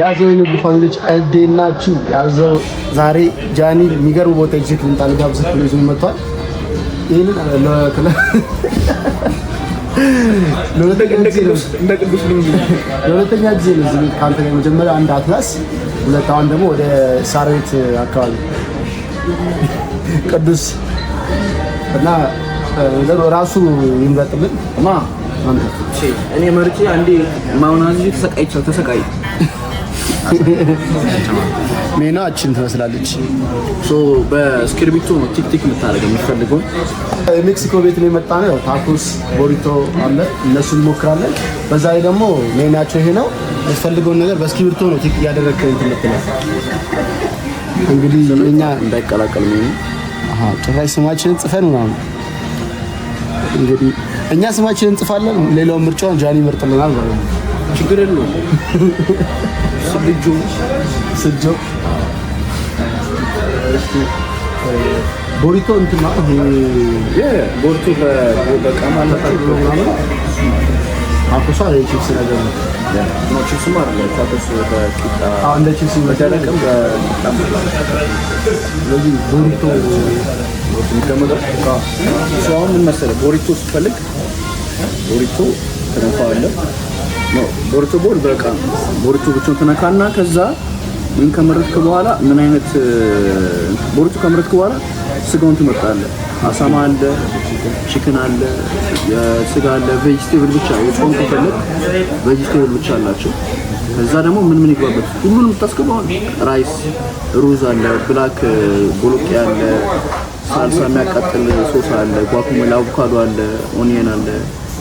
ያዘው የንግዱ ፋሚሊዎች እንዴት ናችሁ? ያዘው ዛሬ ጃኒል የሚገርም ቦታ ይዤ ልምጣ ልጋብዝህ ብሎ ይዞኝ መጥቷል። ይህንን ለሁለተኛ ጊዜ ነው እዚህ ከአንተ ጋር መጀመሪያ አንድ አትላስ፣ ሁለት አሁን ደግሞ ወደ ሳሬት አካባቢ ቅዱስ እና ራሱ ይምረጥልን እና እኔ መርጬ አንዴ ማሆናዚ ተሰቃይቻል ተሰቃይ ሜና አችን ትመስላለች። በእስክርቢቶ ነው ቲክቲክ የምታደርገው የሚፈልገው። ሜክሲኮ ቤት ነው የመጣ ነው። ታኮስ ቦሪቶ አለ፣ እነሱን እንሞክራለን። በዛ ላይ ደግሞ ሜናቸው ይሄ ነው። የምትፈልገውን ነገር በእስክርቢቶ ነው ቲክ እያደረግከ ትምትለ እንግዲህ እኛ እንዳይቀላቀል ጭራሽ ስማችንን ጽፈን ምናምን እንግዲህ እኛ ስማችንን እንጽፋለን። ሌላውን ምርጫውን ጃኒ ይመርጥልናል ማለት ነው። ችግር የለውም። ልጁ ስጆ ቦሪቶ እንትና ቦሪቶ አኩሳ የቺፕስ ነገር ነው። ቺፕስማ እንደ ቺፕስ መደረቅም ስለዚህ ቦሪቶ ምን መሰለህ ቦሪቶ ስትፈልግ ቦሪቶ ቦርቱ ቦል በቃ ቦርቱ ብቻውን ተነካና ከዛ ምን ከመረጥክ በኋላ ምን አይነት ቦርቱ ከመረጥክ በኋላ ስጋውን ትመርጣለህ። አሳማ አለ፣ ቺክን አለ፣ የስጋ አለ፣ ቬጅቴብል ብቻ የጾም ከፈለግ ቬጅቴብል ብቻ አላቸው። ከዛ ደግሞ ምን ምን ይግባበት ሁሉንም የምታስገባው ራይስ፣ ሩዝ አለ፣ ብላክ ቦሎቄ አለ፣ ሳልሳ የሚያቃጥል ሶስ አለ፣ ጓኩሜላ፣ አቮካዶ አለ፣ ኦኒየን አለ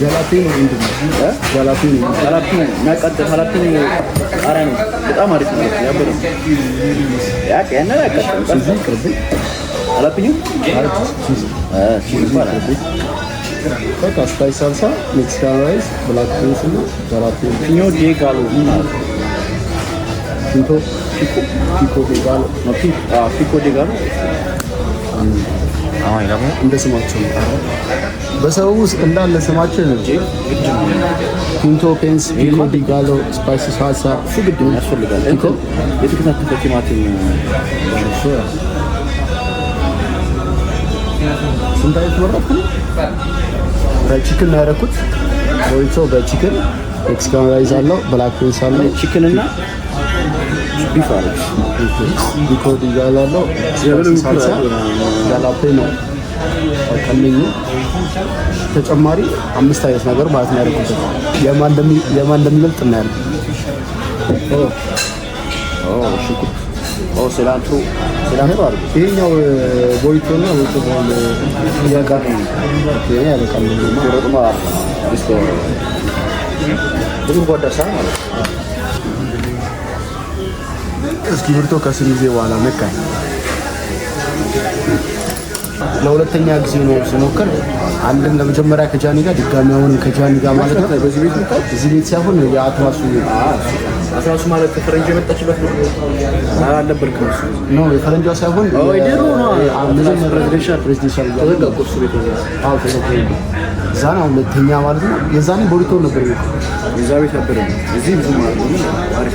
ጀላቲኖ ምንድን ነው? ጀላቲኖ ጀላቲኖ የሚያቃጥል ጀላቲኖ ቃሪያ ነው። በጣም አሪፍ ነው። ያበደ ያቅ ያንን አያቃጥልም። ሱዚ ቅርብ ጀላቲኖ በቃ ስታይ ሳልሳ ሜክሲካን ራይስ ብላክ ቢንስ እና ጀላቲኖ ፒኞ ዴ ጋሎ ማለት ነው። ፒኮ ፒኮ ዴ ጋሎ ፒኮ ዴ ጋሎ እንደ ስማቸው በሰው ውስጥ እንዳለ ስማቸው ነው። ፒንቶ፣ ፔንስ፣ ፒኮ ዲ ጋሎ፣ ስፓይስ፣ ግድ ያስፈልጋል። የተከታተፈ ቲማቲም ስንት አይነት በቺክን ነው ያደረኩት። ቦሪቶ በቺክን ኤክስ አለው፣ ብላክ ፔንስ አለው፣ ቺክን እና ቢፋርክ ቢኮድ ነው ቀንኙ ተጨማሪ አምስት አይነት ነገር ማለት ነው ያደርጉበት። የማን እንደሚበልጥ እናያለን። ይሄኛው ቦይቶ ነው እስክሪብቶ ከስም ጊዜ በኋላ ነካኝ። ለሁለተኛ ጊዜ ነው ስሞክር፣ አንድም ለመጀመሪያ ከጃኒ ጋር ድጋሚ አሁንም ከጃኒ ጋር ማለት ነው። እዚህ ቤት ሳይሆን የአትዋሱ አትዋሱ ማለት ፈረንጅ የመጣችበት አልነበርክም? ነው የፈረንጇ ሳይሆን ዛና ሁለተኛ ማለት ነው። የዛኔ ቦሪቶ ነበር ቤት እዛ ቤት ነበር እዚህ ብዙ ማለት ነው አሪፍ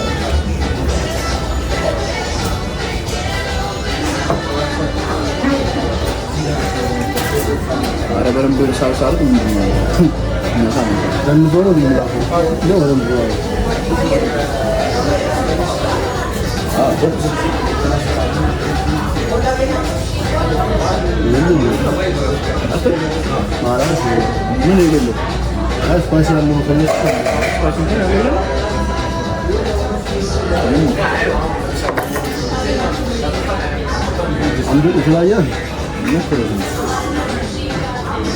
ኧረ በደንብ ሳልሳሉት ምንድን ነው ምን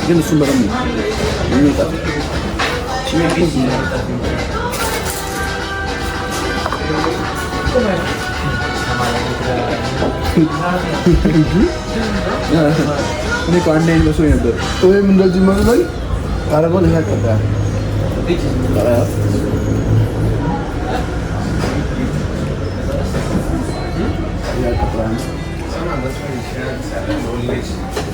Şimdi sundarım mı? Bilmiyorum tabii. Şimdi bir sundarım. ini konten masuk ya tuh. Oh ya menurut Jimat lagi? Karena gue lihat kata. Lihat keterangan.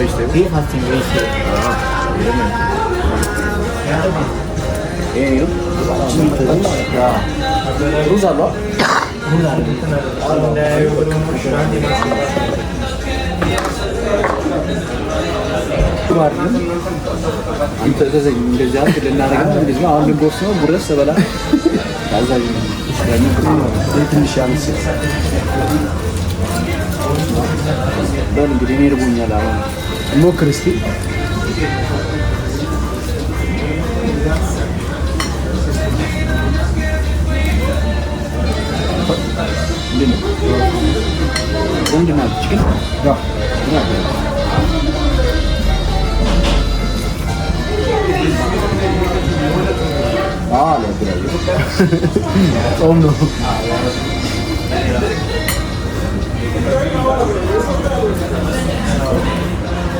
Vegetable? He has English here. Ah, öyle mi? Yeah, you? Çin kızmış. Ya. Rus abla? Rus abla. Antalya'da İngilizce harflerine hareket bizim ağırlık olsun ama burası da böyle. Fazla yani. Yani ilk nişanlısı. Ben birini bunyalarım. é si. Onde mais? Chicken? Já. Já. Olha, oh, não.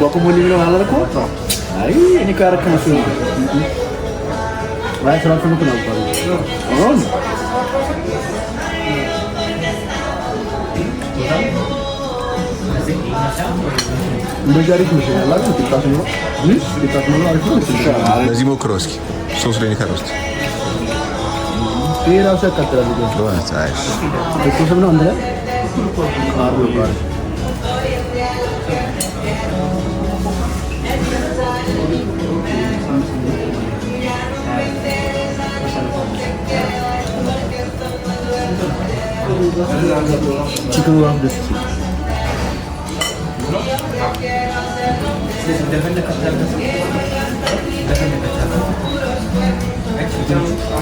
guacamole ነው አላልኩ? አይ እኔ ካረካሱ ነው ራይ ስራ ነው ነው አሁን እንደዚህ ሞክረው እስኪ ሶስት ላይ ከረስት ይሄ ራሱ ያቃጥላል ነው ነው 지금 한 그릇씩.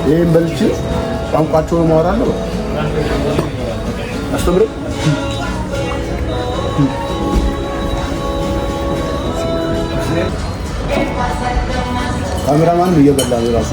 ይህም በልቼ ቋንቋቸውን ማወራለሁ አስተምር ካሜራማን እየበላ ራሱ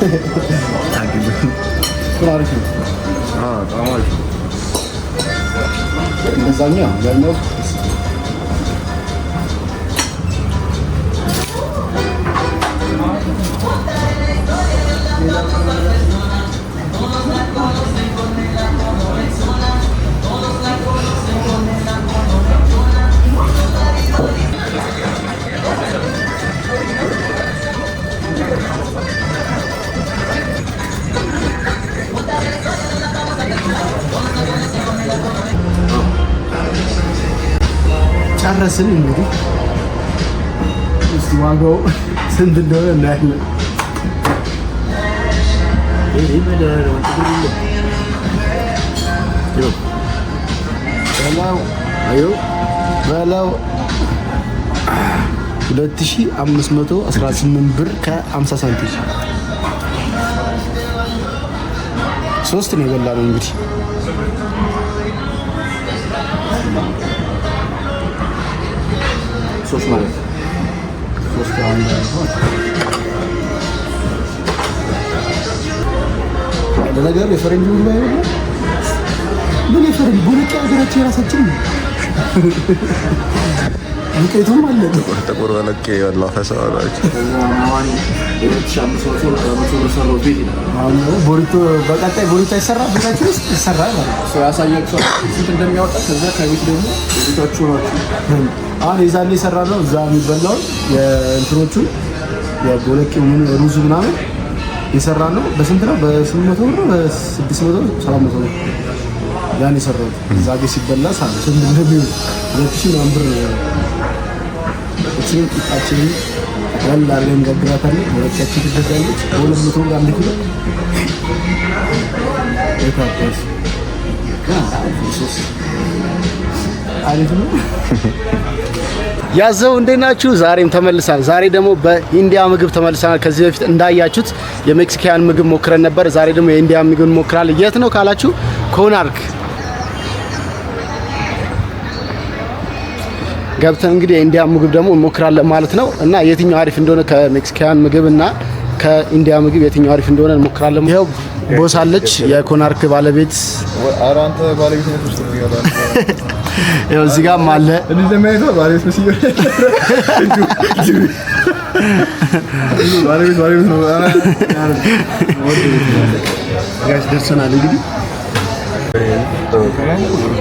Takip edin. Tarihim. Ha tamam. Lasagna, ben de Thank you. ጨረስን። እንግዲህ እስቲ ዋጋው ስንት እንደሆነ እናያለን። በለው 2518 ብር ከ50 ሳንቲም ሶስት ነው የበላ ነው እንግዲህ ሶስት ማለት ሶስት አንድ ለነገሩ የፈረንጅ ምግብ አይሆንም። ምን የፈረንጅ ቦለቄ ሀገራችን የራሳችን ነው። ውጤቱም አለ ጥቁር ቦለቄ ይሰራል ያሳያቸዋል እንደሚያወጣ ከዛ ከቤት ደግሞ ቤታችሁ ናቸው አሁን የዛኔ የሰራ ነው እዛ የሚበላውን የእንትኖቹ የቦለቄ ሩዙ ምናምን የሰራ ነው። በስንት ነው? በስምንት መቶ ብር ነው፣ በስድስት መቶ ብር፣ ሰባት መቶ ነው ያን የሰራሁት እዛ ጋ ሲበላ ሳ ስንት እንደሚሆን ሁለት ሺህ ምናምን ብር ነው። እችንም ቂጣችንን ጠቅላላ አድርገን እንጋግራታለን። ቦለቄያችን ትገዛለች በሁለት መቶ ብር አንድ ኪሎ የታጠፍ ሶስት አሪፍ ነው። ያዘው እንዴት ናችሁ? ዛሬም ተመልሳል። ዛሬ ደግሞ በኢንዲያ ምግብ ተመልሰናል። ከዚህ በፊት እንዳያችሁት የሜክሲካን ምግብ ሞክረን ነበር። ዛሬ ደግሞ የኢንዲያ ምግብ ሞክራል። የት ነው ካላችሁ ኮናርክ ገብተን እንግዲህ የኢንዲያ ምግብ ደግሞ እንሞክራለን ማለት ነው እና የትኛው አሪፍ እንደሆነ ከሜክሲካን ምግብ እና ከኢንዲያ ምግብ የትኛው አሪፍ እንደሆነ ሞክራለን። ይኸው ቦሳለች የኮናርክ ባለቤት ያው እዚህ ጋርም አለ ደርሰናል። እንግዲህ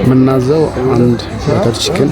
የምናዘው አንድ በተር ቺክን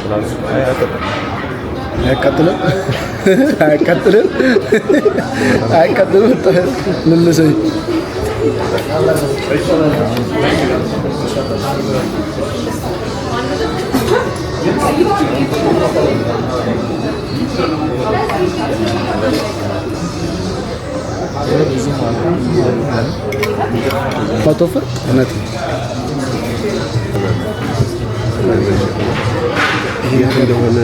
lazım. Hakikaten. Hakikaten. Hakikaten. Hakikaten. Lullu şey. Kartoffel? Ja, natürlich. እንደሆነ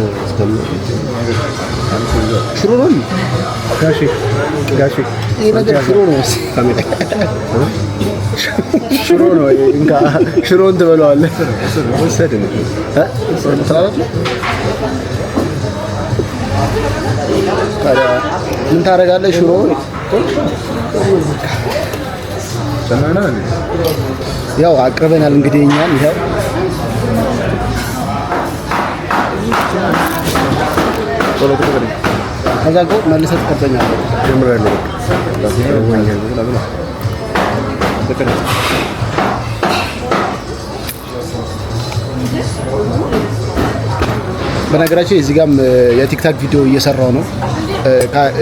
ሽሮ ነው ጋሼ፣ ጋሼ ሽሮ ነው። ሽሮን ትበለዋለህ። ምን ታደርጋለህ? ሽሮ ያው አቅርበናል እንግዲህ እኛም ይኸው ቶሎ ቁጥር ከዛ ጎ መልሰህ በነገራችን እዚህ ጋም የቲክታክ ቪዲዮ እየሰራው ነው።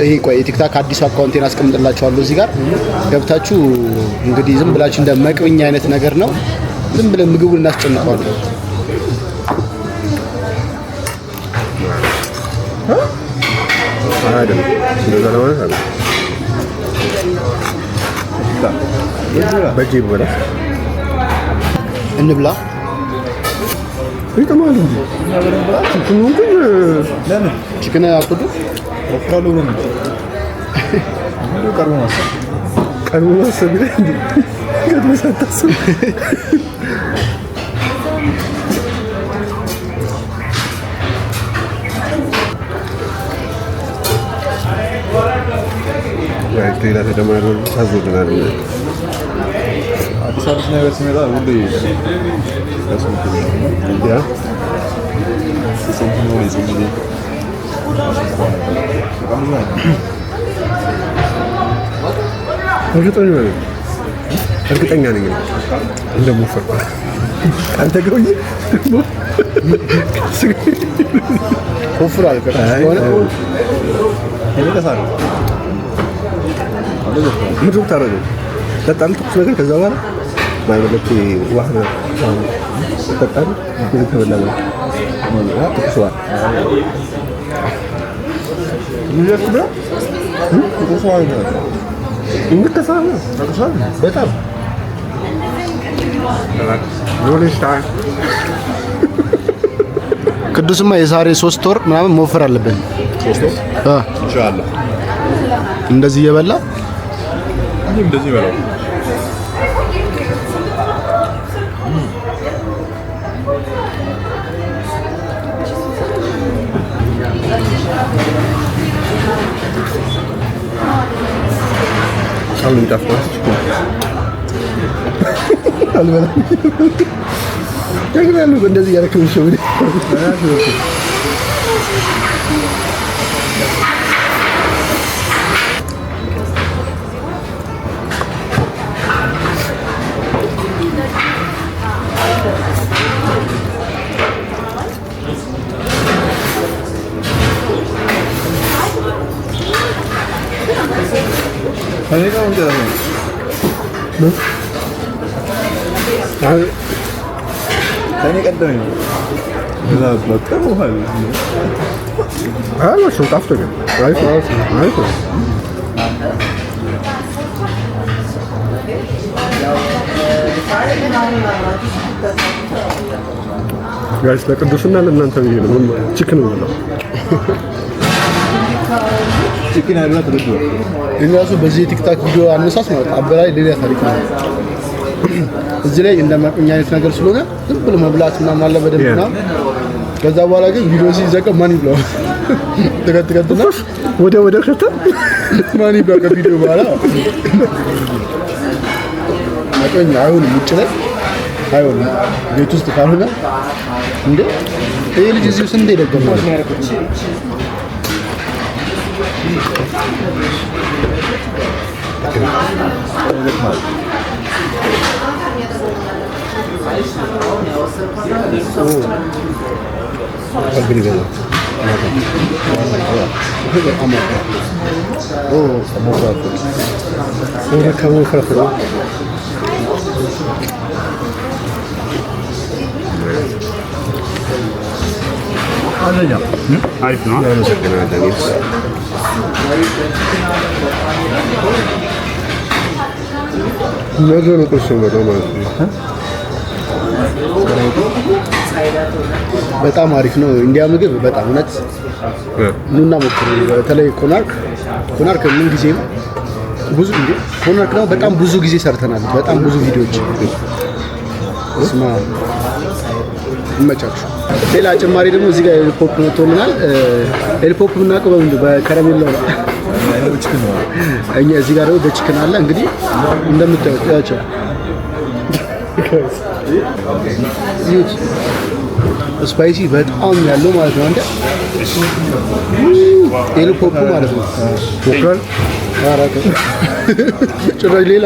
ይሄ ቆይ የቲክታክ አዲሱ አካውንቴን አስቀምጥላችኋለሁ። እዚህ ጋር ገብታችሁ እንግዲህ ዝም ብላችሁ እንደ መቅብኛ አይነት ነገር ነው። ዝም ብለን ምግቡን እናስጨንቀዋለን። አይደለም። እንደዛ እንብላ ይጥማል እንጂ እንትኑን ግን ለምን ቺክን አቆጡ ወፍራሉ ነው ቀርቦ ማሰብ ቀርቦ ማሰብ ጤና ተደማሪ ታዘዝናል። አዲስ አዲስ ነገር ሲመጣ ሁሌ እርግጠኛ ነኝ እንደሞፈርኩ አንተ ገውዬ ወፍራል ምድር ታረገ በጣም ትኩስ ነገር ከዛ በኋላ ትኩስ በጣም ቅዱስማ የዛሬ ሶስት ወር ምናምን መወፈር አለብን። እንደዚህ እየበላ 튀기면 되지 말아. Hallo, wie darf man das? Danke, Luke, und dass ich eine Küche wieder. Panik olacağız. Ne? Abi. Panik etmiyor. La plata o halde. Hala çok after. Right for us. Right for ጋይስ ለቅዱስና ለእናንተ ብዬ ነው። ችክን ነው ችክን አይደለ ትልቅ ነው እኔ ራሱ በዚህ ቲክታክ ቪዲዮ አነሳስ ማለት አበላይ ሌላ ታሪክ ነው። እዚህ ላይ እንደማቀኛ አይነት ነገር ስለሆነ ዝም ብሎ መብላት እና ማለ በደንብና ከዛ በኋላ ግን ቪዲዮ ሲዘቀ ማን ይብላው ተከትከትና ወደ ወደ ከተ ማን ይብላው ከቪዲዮ በኋላ አቀኛ አይሆንም፣ ውጭ ላይ አይሆንም፣ ቤት ውስጥ ካልሆነ እንዴ ይሄ ልጅ እዚሁ ስንዴ ደገማል Ayrıca. Hı? Arif ne? Yalnız hakkını ödeniyoruz. ነገሩ ቁርስ ነው ማለት ነው። በጣም አሪፍ ነው። እንዲያ ምግብ በጣም እውነት ኑና ሞክሩ። በተለይ ኮናርክ ኮናርክ ምን ጊዜም ብዙ እንዴ ኮናርክ ነው። በጣም ብዙ ጊዜ ሰርተናል። በጣም ብዙ ቪዲዮዎች ስማ ይመቻችሁ። ሌላ ጭማሪ ደግሞ እዚህ ጋር ኤልፖፕ መጥቶልናል። ኤልፖፕ የምናውቀው በምንድን በከረሜላ ነው። እኛ እዚህ ጋር ደግሞ በችክን አለ። እንግዲህ እንደምታዩት ያቸው ስፓይሲ በጣም ያለው ማለት ነው። አንዴ ኤልፖፕ ማለት ነው። አራከ ጭራሽ ሌላ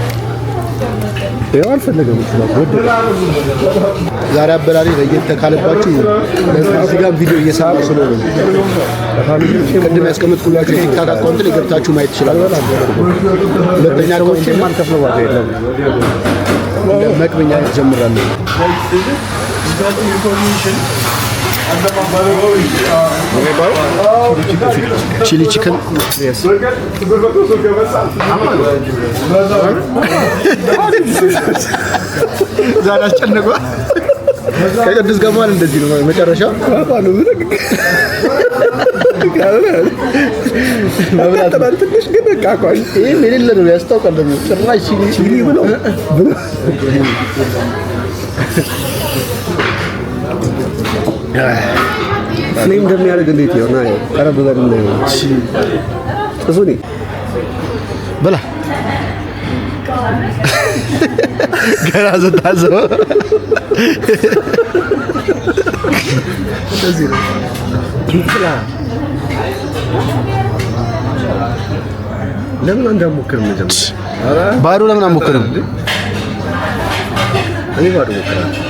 ይኸው አልፈለገም። ዛሬ አበላሌ ለየት ካለባችሁ እዚህ ጋር ቪዲዮ እየሰራ ስለሆነ ቅድም ያስቀምጥኩላችሁ የቲክታክ አካውንት ላይ ገብታችሁ ማየት ትችላላችሁ። ሁለተኛ አካውንት የማንከፍለው ዋጋ የለም። መቅበኛ ጀምራለሁ ቺሊ ቺክን ዛሬ አስጨንቋል። ከቅዱስ ገማል እንደዚህ ነው መጨረሻ መብላት ትንሽ ግን ቃቋል። ይህም የሌለ ነው ያስታውቃል። ደግሞ ጭራሽ ቺሊ ብሎ እኔ እንደሚያደርግ እንዴት ይሆን? አይ ቀረብ ብለን እናየው። እሺ እሱ በላ ገና ስታስበው ለምን እንዳሞክርም መጀመሪያ ባዶ ለምን አሞክርም? እኔ ባዶ ሞክራለሁ።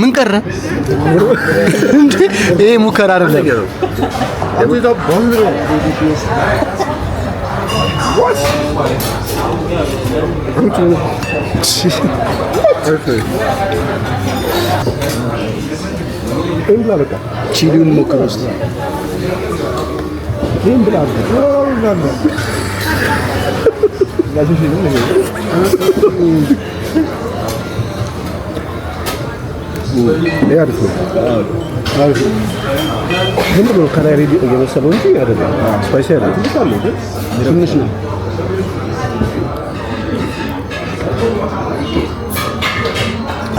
ምን ቀረ ይሄ ሙከራ አይደለም። አሪፍ ነው። ዝም ብሎ ከላይ ሬዲ እየመሰለው እንጂ አይደለም። ስፓይሲ አለ ትንሽ ነው።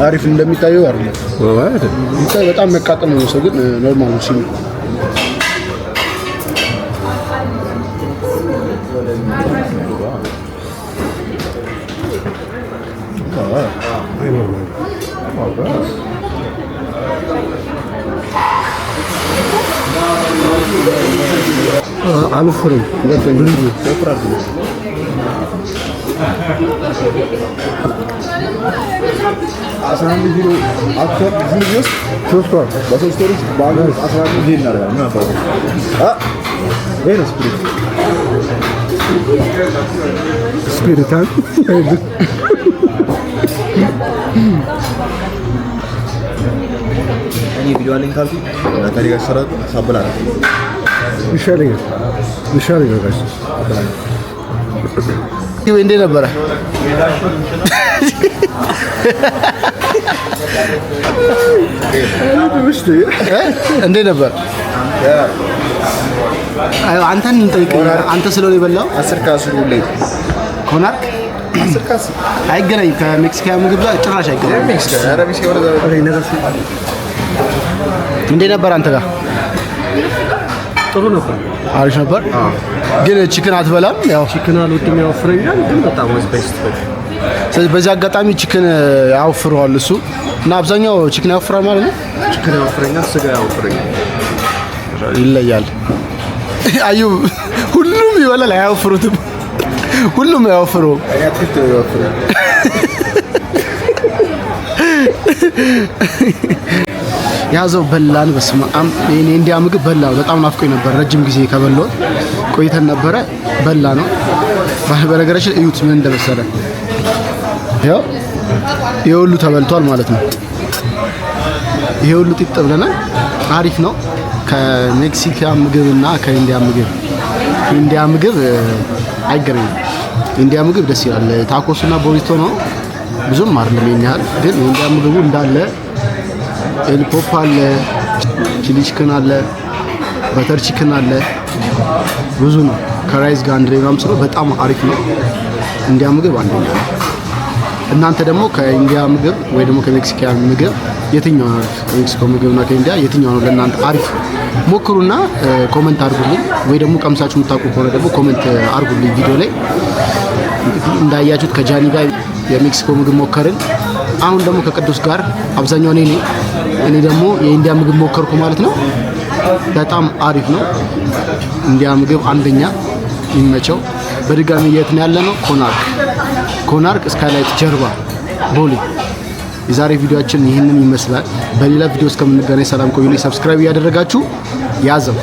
አሪፍ እንደሚታየው አይደለም። በጣም መቃጠል ነው ሰው ግን ኖርማል ሲሚ Alu kering, lihat yang beli saya pernah beli. Asal bir euro, aktor bizim diyoruz. Çocuklar, basa istiyoruz. Bağlıyoruz. Asal bir dinler yani. Ne yapalım? spirit. Spirit ha? Ini video link kali. Nah, tadi kan syarat sabar. ይሻል ይሻል። እንዴ ነበረ እንዴ ነበር? አንተን እንጠይቀኝ። አንተ ስለሆነ የበላው አስር ከአስሩ ላይ ኮናርክ አይገናኝም። ከሜክሲካን ምግብ ጋር ጭራሽ አይገናኝም። እንዴ ነበር አንተ ጋር ጥሩ ነበር፣ አሪፍ ነበር። ግን ቺክን አትበላም? ያው ቺክን አልወድም፣ ያወፍረኛል። ግን በጣም ወዝ ስለዚህ በዚህ አጋጣሚ ቺክን ያወፍረዋል እሱ እና አብዛኛው ቺክን ያወፍራል ማለት ነው። ቺክን ያወፍረኛል፣ ስጋ ያወፍረኛል፣ ይለያል። አዩ ሁሉም ይበላል፣ አያወፍሩትም። ሁሉም አያወፍሩም። ያዘው በላን። በስመ አብ እንዲያ ምግብ በላው በጣም ናፍቆ ነበር። ረጅም ጊዜ ከበላሁት ቆይተን ነበረ። በላ ነው። በነገራችን እዩት ምን እንደመሰለ ያው ይሄ ሁሉ ተበልቷል ማለት ነው። ይሄ ሁሉ ጥጥ ብለናል። አሪፍ ነው። ከሜክሲካን ምግብና እና ከኢንዲያ ምግብ ኢንዲያ ምግብ አይገናኝም። ኢንዲያ ምግብ ደስ ይላል። ታኮስና ቦሪቶ ነው ብዙም አይደለም ይሄን ግን ኢንዲያ ምግቡ እንዳለ ኤሊፖፕ አለ፣ ቺሊ ቺክን አለ፣ በተር ቺክን አለ። ብዙ ነው። ከራይስ ጋር አንድ ላይ ምናምን በጣም አሪፍ ነው። እንዲያ ምግብ አንደኛ ነው። እናንተ ደግሞ ከኢንዲያ ምግብ ወይ ደግሞ ከሜክሲካን ምግብ የትኛው አሪፍ? ከሜክሲኮ ምግብና ከኢንዲያ የትኛው ነው ለእናንተ አሪፍ? ሞክሩና ኮመንት አድርጉልኝ። ወይ ደግሞ ቀምሳችሁ የምታውቁ ከሆነ ደግሞ ኮመንት አድርጉልኝ ቪዲዮ ላይ። እንዳያችሁት ከጃኒ ጋር የሜክሲኮ ምግብ ሞከርን። አሁን ደግሞ ከቅዱስ ጋር አብዛኛው እኔ እኔ ደግሞ የኢንዲያ ምግብ ሞከርኩ ማለት ነው። በጣም አሪፍ ነው። ኢንዲያ ምግብ አንደኛ የሚመቸው። በድጋሚ የት ነው ያለ ነው? ኮናርክ ኮናርክ ስካይላይት ጀርባ ቦሌ። የዛሬ ቪዲዮአችን ይህንን ይመስላል። በሌላ ቪዲዮ እስከምንገናኝ ሰላም ቆዩልኝ። ሰብስክራይብ እያደረጋችሁ ያዘው